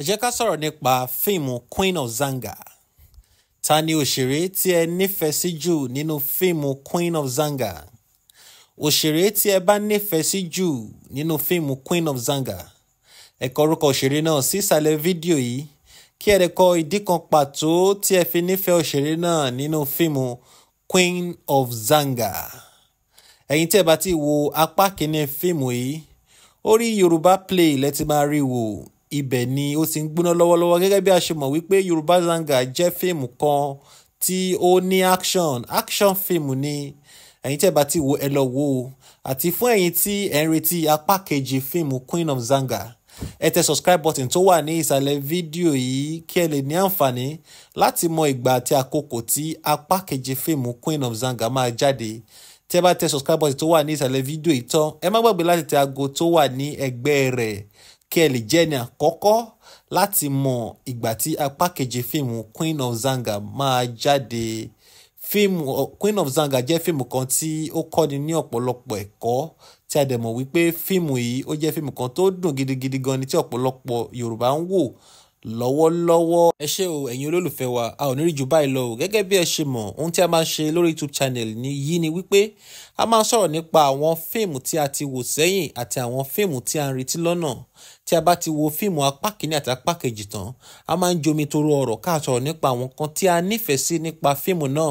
ẹ jẹ́ ká sọ̀rọ̀ nípa fíìmù Queen of Zanga ta ni òṣèré tí ẹ nífẹ̀ẹ́ sí jù nínú fíìmù Queen of Zanga òṣèré tí ẹ bá nífẹ̀ẹ́ sí jù nínú fíìmù Queen of Zanga ẹ kọ orúkọ òṣèré náà sísàlẹ̀ fídíò yìí kí ẹ lè kọ ìdí kan pàtó tí ẹ fi nífẹ̀ẹ́ òṣèré náà nínú fíìmù Queen of Zanga ẹ̀yin tí ẹ bá ti wo apá kìíní fíìmù yìí orí Yorùbá Play lẹ ti máa rí wò ibẹ̀ ni ó ti ń gbóná lọ́wọ́lọ́wọ́ gẹ́gẹ́ bí a ṣe mọ̀ wípé Yorùbá Sanga jẹ́ fíìmù kan tí ó ní action action fíìmù ni ẹ̀yin tẹ́ bá ti wo ẹ lọ wo o àti fún ẹ̀yin tí ẹ̀ ń retí apá kejì fíìmù Queen of zanga ẹ tẹ subscribe button tó wà ní ìsàlẹ̀ fídíò yìí kí ẹ lè ní àǹfààní láti mọ ìgbà àti àkókò tí apá kejì fíìmù Queen of zanga máa jáde tí ẹ bá tẹ subscribe button tó wà ní ìsàlẹ̀ fídíò yìí tán ẹ má gbàgbé láti tẹ aago tó wà ní ẹ̀gbẹ́ rẹ̀ kí ẹ lè jẹ́ ẹni àkọ́kọ́ láti mọ ìgbà tí apá keje fíìmù Queen of Zanga máa jáde fíìmù Queen of Zanga jẹ́ fíìmù kan tí ó kọ́ni ní ọ̀pọ̀lọpọ̀ ẹ̀kọ́ tí a dẹ̀ mọ̀ wípé fíìmù yìí ó jẹ́ fíìmù kan tó dùn gidigidi gan ni tí ọ̀pọ̀lọpọ̀ Yorùbá ń wò lọ́wọ́lọ́wọ́. ẹ ṣé o ẹ̀yin olólùfẹ́ wa a ò ní rí jù báyìí lọ o gẹ́gẹ́ bí ẹ ṣe mọ̀ ohun tí a máa ń ṣe lórí YouTube channel ni yìí ni wípé a máa ń sọ̀rọ̀ nípa àwọn fíìmù tí a ti wò sẹ́yìn àti àwọn fíìmù tí a ń retí lọ́nà tí a bá ti wo fíìmù apá kìíní àti apá kejì tán a máa ń jomi toro ọ̀rọ̀ ká sọ̀rọ̀ nípa àwọn kan tí a nífẹ̀ẹ́ sí nípa fíìmù náà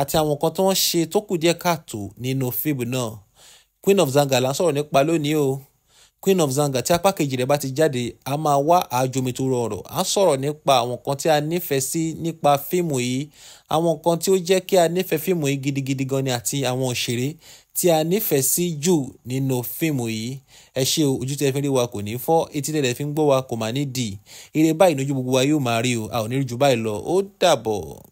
àti àwọn kan tí wọ́n ṣe tó kù díẹ̀ káàtó nínú fíìmù náà Queen of Zangala sọ̀rọ̀ nípa lónìí o Queen of Zanga tí apá kejì rẹ̀ bá ti jáde a máa wá àjomitoro ọ̀rọ̀ a sọ̀rọ̀ nípa àwọn kan tí a nífẹ̀ẹ́ sí nípa fíìmù yìí àwọn kan tí ó jẹ́ kí a nífẹ̀ẹ́ fíìmù yìí gidigidi gan ni àti àwọn òṣèré tí a nífẹ̀ẹ́ sí jù nínú fíìmù yìí ẹ ṣe ojú tí ẹ fi rí wa kò ní fọ́ etí tẹ̀lẹ̀ fi ń gbọ́ wa kò má ní dì ire báyìí lójú gbogbo wa yóò máa rí o a ò ní rí ju báyìí lọ ó dàbọ̀.